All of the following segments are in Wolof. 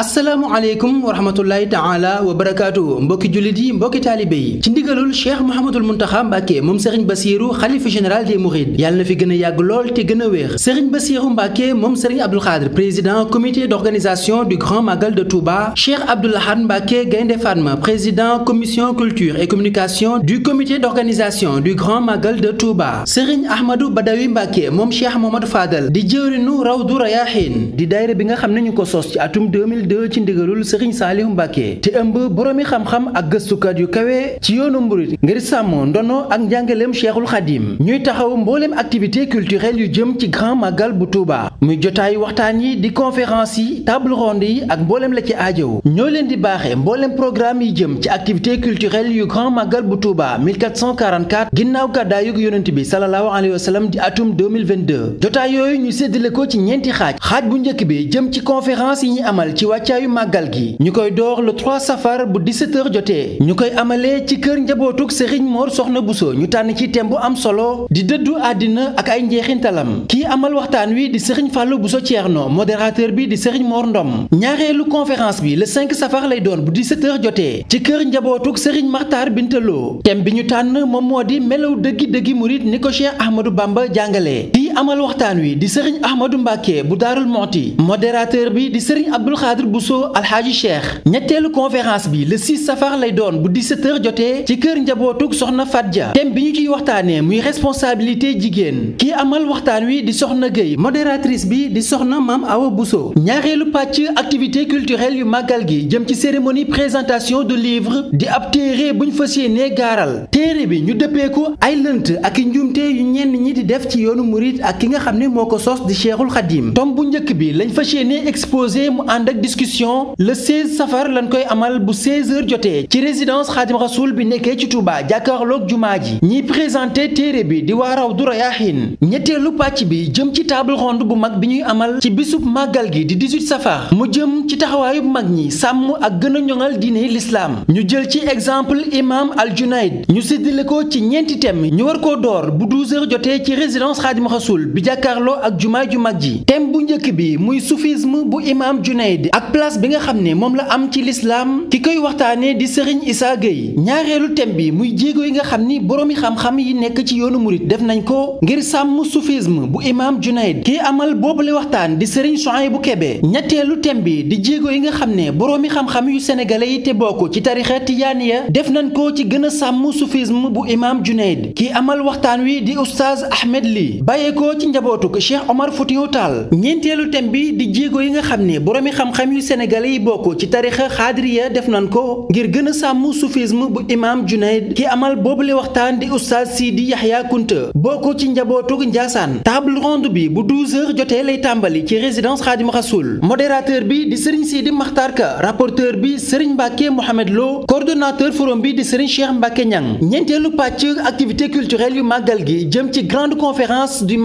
asalaamualeykum wa rahmatullahi taala wa barakaatu mbokki jullit yi mbokki taalibe yi ci ndigalul cheikh mouhamadul muntaxa mbàkke moom sëriñ basiiru xalifa général des mourides yàlla na fi gën a yàgg lool te gën a wéex sëriñ basiiru mbàkke moom sëriñ abdul xaadir président comité d'organisation du grand magal de touba cheikh abdul ahad mbàkke gaynde fatma président commission culture et communication du comité d'organisation du grand magal de touba sëriñ ahmadou badawi mbàkke moom cheikh mohamadou fadal di jëwrinu rawdu rayahin di daayira bi nga xam ne ñu ko sos ci atum 2 ci ndigalul Serigne Saliou Mbacke te ëmb boroomi xam-xam ak gëstukat yu kawe ci yoonu mburit ngir sàmm ndono ak njàngaleem Cheikhul Khadim ñuy taxaw mbooleem activité culturelle yu jëm ci grand magal bu Touba muy jotaay waxtaan yi di conférence yi table ronde yi ak mbooleem la ci aajow ñoo leen di baaxe mbooleem programme yi jëm ci activité culturelle yu grand magal bu Touba 1444 ginnaaw gàddaayug yonent bi sallallahu alayhi wa sallam di atum 2022 jotaay yooyu ñu séddale ko ci ñeenti xaaj xaaj bu bi jëm ci conférence yi ñu amal wàccaayu màggal gi ñu koy door le 3 safar bu di h jotee ñu koy amalee ci kër njabootug Serigne moor Soxna Bousso ñu tànn ci thème bu am solo di dëddu àddina ak ay njeexintalam kii amal waxtaan wi di Serigne Fallou Bousso Thierno modérateur bi di Serigne moor ndoom ñaareelu conférence bi la 5 safar lay doon bu di h jotee ci kër njabootug Serigne Makhtar Bintaloo thème bi ñu tànn moom moo di melaw dëggi dëggi murit ni ko Cheikh Ahmadou Bamba jàngalee kii amal waxtaan wi di sëriñ Ahmadou Mbacke bu Daarul Monti modérateur bi di sëriñ Abdul Xaadir Bousso Alxaaji Cheikh ñetteelu conférence bi le 6 safar lay doon bu di h jotee ci kër njabootug soxna Fadja thème bi ñu ciy waxtaanee muy responsabilité jigéen kii amal waxtaan wi di soxna Guèye modératrice bi di soxna Maam Awa Bousso ñaareelu pàcc activité culturelle yu màggal gi jëm ci cérémonie présentation de livre di ab téere buñ fas yéenee gaaral téere bi ñu dëppee ay lënt ak i njuumte yu ñenn ñi di def ci yoonu murit it ak ki nga xam ne moo ko sos di Cheikhul Khadim tom bu njëkk bi lañ fas yéene exposé mu ànd ak discussion le 16 safar lañ koy amal bu 16h jotee ci résidence Khadim Rasoul bi nekkee ci Touba jàkkaarloog jumaa ji ñiy présenté téere bi di waa Rawdu Rayaahin ñetteelu pàcc bi jëm ci table ronde bu mag bi ñuy amal ci bisub màggal gi di 18 safar mu jëm ci taxawaayu mag ñi sàmm ak gën a ñoŋal diine l'islam ñu jël ci exemple imam al Junayd ñu séddale ko ci ñeenti thème ñu war koo door bu 12 ci résidence Khadim rasul bi jàkkaarloo ak jumaa ju mag ji thème bu njëkk bi muy soufisme bu imaam Junayd ak place bi nga xam ne moom la am ci lislaam ki koy waxtaane di sëriñ Issa yi ñaareelu thème bi muy jéego yi nga xam ni boroomi xam-xam yi nekk ci yoonu murit def nañ ko ngir sàmm sufism bu imaam Junayd kii amal boobule waxtaan di sëriñ bu Kébé ñetteelu thème bi di jéego yi nga xam ne boroomi xam-xam yu sénégalais yi te bokk ci tarixa ya def nañ ko ci gën a sàmm soufisme bu imaam Junayd kii amal wi sukkandikoo ci njabootuk Cheikh Omar Foutiyou Tall ñeenteelu thème bi di jéego yi nga xam ne boroomi xam-xam yu sénégalais yi bokk ci tarixa xaadiriya def nan ko ngir gën a sàmm soufisme bu imaam Junayd ki amal boobu boobule waxtaan di oustaz Sidi Yahya Kunta bokk ci njabootuk Njaasaan table ronde bi bu 12h jotee lay tàmbali ci résidence Xaadimu Rasuul modérateur bi di Serigne Sidi Makhtar Ka rapporteur bi Serigne Mbacke Mohamed Lo coordonnateur forum bi di Serigne Cheikh Mbacke Niang ñeenteelu pàcc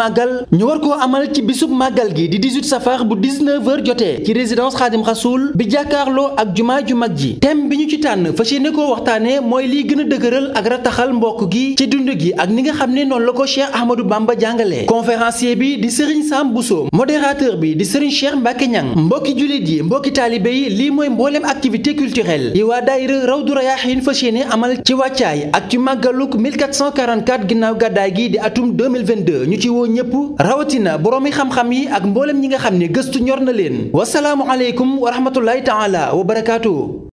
màggal ñu war koo amal ci bisub màggal gi di 18 safar bu 19h jotee ci résidence Xaadim Rasoul bi jàkkaarloo ak jumaa ju mag ji thème bi ñu ci tànn fas yéene koo waxtaanee mooy liy gën a dëgëral ak rataxal mbokk gi ci dund gi ak ni nga xam ne noonu la ko Cheikh Ahmadou Bamba jàngale conférencier bi di Serigne Sam Bousso modérateur bi di Serigne Cheikh Mbacke Niang mbokki jullit yi mbokki taalibe yi lii mooy mbooleem activité culturelle yi waa daayira Rawdu Rayaahin fas yéene amal ci wàccaay ak ci màggaluk 1444 ginnaaw gàddaay gi di atum 2022 ñu ñëpp rawatina boroomi xam-xam yi ak mboolem ñi nga xam ne gëstu ñor na leen wasalaamu aleykum wa rahmatullahi taala wa barakaatu